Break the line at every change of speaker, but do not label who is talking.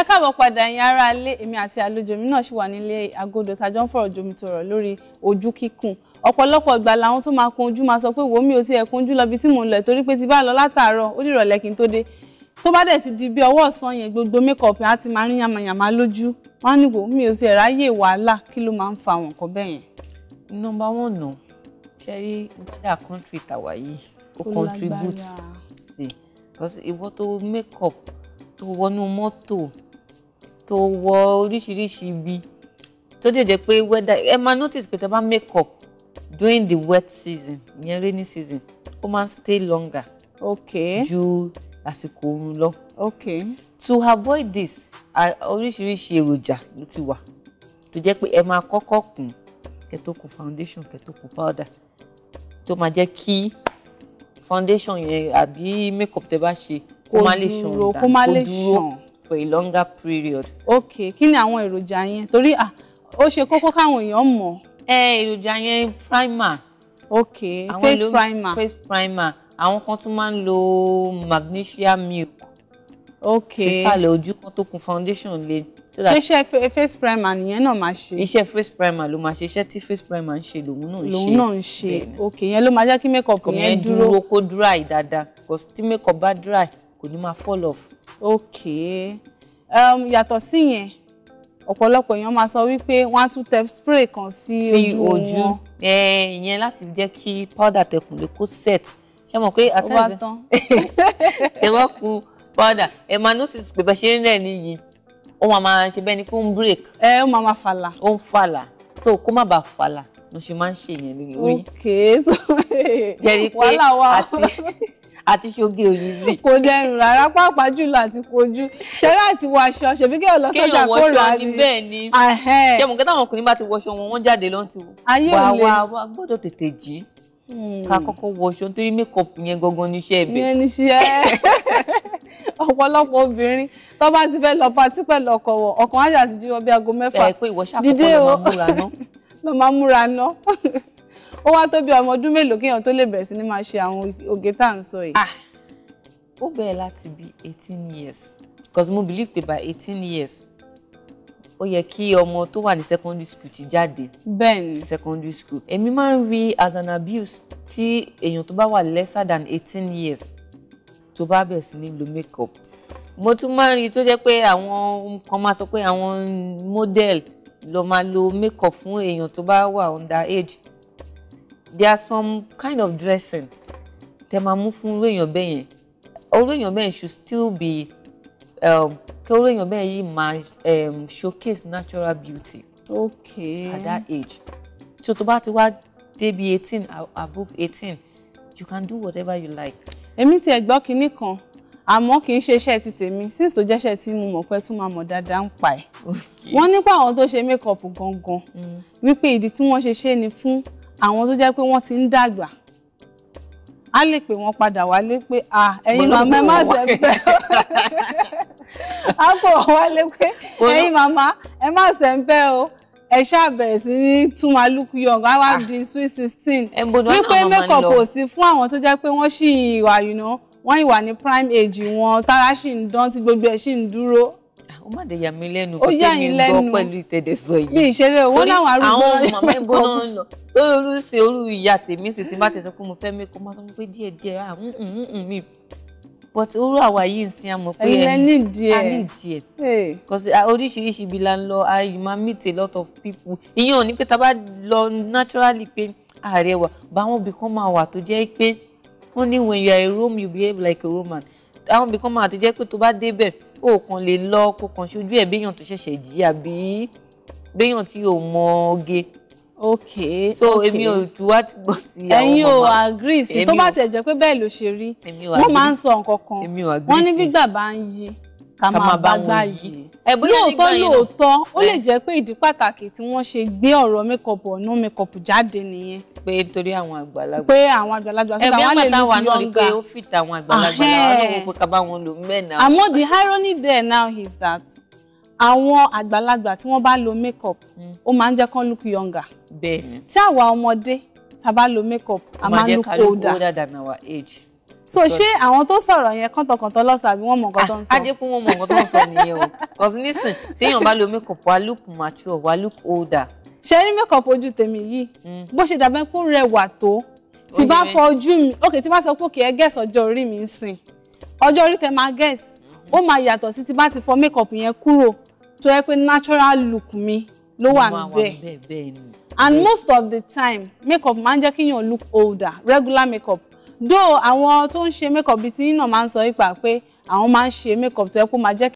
ẹ káàbọ̀ padà ẹ̀yin ará ilé èmi àti àlejò mi náà ṣì wà nílé agodo tàjọ ń fọ̀rọ̀ jomi tọ̀rọ̀ lórí ojú kíkùn ọ̀pọ̀lọpọ̀ ìgbà làwọn tó máa kun ojú máa sọ pé wò ó mi ò tiẹ̀ kun ojú lọ bí tí mò ń lọ torí pé ti bá lọ látàárọ̀ ó dìrọ̀lẹ́ kí n tó dé tó bá dẹ̀ sì di bí ọwọ́ ọ̀sán yẹn gbogbo mékọ̀ọ̀pù á ti máa rí yàmàyàmà lójú wọn á ní wò ó mi ò tiẹ̀ ráyè wàhálà kí ló one nù
ṣẹ́rí weather tó wọnú mọ́tò tó wọ oríṣiríṣi ibi tó dẹ̀ jẹ́ pé weather ẹ máa notice pé tẹ bá make up during the wet season ìyẹn rainy season ó máa stay longer okay. ju àsìkò oorun lọ. okay. to avoid this oríṣiríṣi èròjà ló ti wà tó jẹ́ pé ẹ máa kọ́kọ́ kùn kẹ́ tó kùn foundation kẹ́ tó kùn powder tó máa jẹ́ kí foundation yẹn àbí makeup tẹ́ bá ṣe kó má lè ṣàn dáadáa kó dúró for a longer period.
Okay. kí ni àwọn èròjà yẹn torí ó ṣe kókó káwọn èèyàn mọ̀. ẹ
èròjà yẹn primer. Okay. àwọn face primer face primer àwọn kan tún máa ń lo magnesia milk. Okay. sísàlẹ̀ ojú kan tó kun foundation le. ṣeṣẹ́ face primer nìyẹn náà máa ṣe. iṣẹ́ face primer ló máa ṣe iṣẹ́ tí face primer ń ṣe lòun náà ń ṣe. lòun náà ń ṣe
ok yẹn ló máa jẹ́ kí makeup yẹn dúró. kò yẹn dúró
kó dry dáadáa because tí makeup bá dry kò ní máa fall off. ok
um, yàtọ̀ sí yẹn ọ̀pọ̀lọpọ̀ èèyàn máa sọ wípé wọ́n á tún tẹ spray kan sí ojú wọn. sí ojú
ìyẹn láti jẹ́ kí powder tẹkùn lè kó set ṣé mọ̀ pé
àtẹ̀sẹ̀
ẹ wá ku powder ẹ máa notice pé bẹ́ẹ̀ ṣe ń rẹ̀ níyì ó máa máa ṣe bẹ́ẹ̀ ni kó ń break. ẹ ó máa máa fàlà. ó ń fàlà so kó má bàa fàlà mo ṣe máa ń ṣe ìyẹn lórí. ok
so wàhálà wà. jẹ́rìí àti ṣoge òyìnbí. kò dẹrùn rárá pàápàá jùlọ àti kojú ṣẹlẹ àti wọ aṣọ ṣèbí kéèyàn lọ sọjà kó rà á ni. bẹ́ẹ̀ ni
jẹ́mu kí táwọn ọkùnrin bá ti wọṣọ wọn wọ́n jáde lọ́n ti wà wá wá gbọ́dọ̀ tètè jí hmm. ká kọ́kọ́ wọṣọ nítorí makeup yẹn gangan
níṣẹ́ ibẹ̀. yẹn níṣẹ́ ọ̀pọ̀lọpọ̀ obìnrin tó bá ti fẹ́ lọ patí pẹ̀lú ọkọ̀ wọ̀ ọkàn àjà ti jí wọn bí o lọ máa ó wá tó bí ọmọ ọdún mélòó kéèyàn tó lè bẹ̀rẹ̀ sí ní máa ṣe àwọn oge tá à ń sọ yìí. Ah! ó bẹ̀rẹ̀ láti
bí eighteen years because mo believe pé by eighteen years ó yẹ kí ọmọ tó wà ní secondary school ti jáde. bẹ́ẹ̀ni secondary school èmi máa ń rí as an abuse tí èèyàn tó bá wà lesser than eighteen years tó bá bẹ̀rẹ̀ sí ní lo make up mo tún máa ń rí tó jẹ́ pé àwọn kan máa sọ pé àwọn model ló máa lo make fún èèyàn tó bá wà under age there are some kind of dressing tẹ máa mú fún irú èèyàn bẹ́ẹ̀ yẹn irú èèyàn bẹ́ẹ̀ should still be um, kí irú èèyàn bẹ́ẹ̀ yìí máa um, showcase natural beauty okay. at that age
so tó bá ti wá débi eighteen above eighteen you can do whatever you like. èmi ti ẹ̀gbọ́ kinní kan àmọ́ kì í ṣe iṣẹ́ ti tèmi since tó jẹ́ iṣẹ́ tí mo mọ̀ pé tún máa mọ̀ dáadáa ń pa ẹ̀. wọ́n nípa àwọn tó ṣe makeup gangan mm. wípé ìdí tí wọ́n ṣe ṣe ni fún àwọn tó jẹ́ pé wọ́n ti ń dàgbà á lè pè wọ́n padà wálé pé à ẹ̀yin màmá ẹ má sẹ́ńpẹ́ á pè wọ́n wálé pé ẹ̀yin màmá ẹ má sẹ́ńpẹ́ o ẹ ṣáà bẹ̀rẹ̀ sí ní tún máa look young á wá ah. di sweet sixteen wípé makeup ò sí fún àwọn tó jẹ́ pé wọ́n ṣì ìwà you know wọ́n ìwà ní prime age wọn tára ṣì ń dán tí gbogbo ẹ̀ ṣì ń dúró
ó má dé yà mí lẹ́nu kó tẹ́mi gbọ́ pẹ̀lú ìtẹ̀dẹ̀ sọ yìí. bí
ìṣeré owó làwọn arúgbó àwọn màmá ìbọn náà
lọ lórí olùsè olú ìyá tèmi sì ti bá tẹ̀sán pé mo fẹ́ mi kó má sọ pé díẹ̀ díẹ̀ à ah, ń mm, mm, mm, mi but orú àwa yìí ń sin àmọ́ pé ẹni nídìí ẹ̀ nídìí ẹ̀ cause ah, oríṣiríṣi ibi la ń lọ ayé ah, máa meet a lot of people ìyẹn ò ní pé tá bá lọ naturally pé ààrẹ wà báwọn ibì kan máa wà tó jẹ́ pé wọ́n ní when you are a Rome you behave like a Roman àwọn ibì kan máa tó jẹ́ pé tó bá débẹ̀ o kàn lè lọ kó kàn ṣojú ẹ̀ béèyàn tó ṣẹ̀ṣẹ̀ jí àbí béèyàn tí ò mọ oge ok so èmi ò tú wá ti gbọ́ ti àwọn ọmọ ẹ̀yin ò agree sí tó bá
tiẹ̀ jẹ́ pé bẹ́ẹ̀ ló ṣe rí wọ́n máa ń sọ nǹkan kan wọ́n ní bí gbà ń yí ká máa bá wọn yìí lóòótọ́ lóòótọ́ ó lè jẹ́ pé ìdí pàtàkì tí wọ́n ṣe gbé ọ̀rọ̀ mékọ̀pù ọ̀nà mékọ̀pù jáde nìyẹn. pé torí àwọn àgbàlagbà pé àwọn àgbàlagbà sọ́dọ̀ àwọn lè lu yọ̀ǹga ó
fit àwọn àgbàlagbà ọlọ́run pé ká bá wọn lò
mẹ́ẹ̀nà. àmọ́ the irony there now is that àwọn àgbàlagbà tí wọ́n bá lo makeup hmm. ó máa ń jẹ́ kán look younger. bẹ́ẹ̀ni tí àwa ọmọdé tá bá lo makeup a máa ń ó máa so ṣé àwọn tó sọ̀rọ̀ yẹn kọ́ntọ̀kọ̀ntọ̀ lọ́sàn àbí wọ́n mọ̀ nǹkan ah, tó ń sọ. adékun wọn mọ̀ nǹkan tó ń sọ nìyẹn o
cause listen téèyàn bá lo makeup wa look mature wa look older.
ṣe rí makeup ojú tèmi yìí hmm. bó ṣe dàbẹ́ kó rẹwà tó tí bá fọ ojú mi ok tí bá sọ pé kì í gẹ̀ẹ́sì ọjọ́ orí mi ń sìn ọjọ́ orí tẹ máa gẹ̀ẹ́sì ó máa yàtọ̀ sí tí bá ti fọ makeup yẹn kúrò tó yẹ pé natural look mi ló wà níbẹ̀ and most of the time makeup máa ń jẹ́ kíyàn look older regular makeup though àwọn tó ń ṣe makeup bíi ti yín náà máa ń sọ ipa pé àwọn máa ń ṣe makeup tó yẹ kó máa jẹ́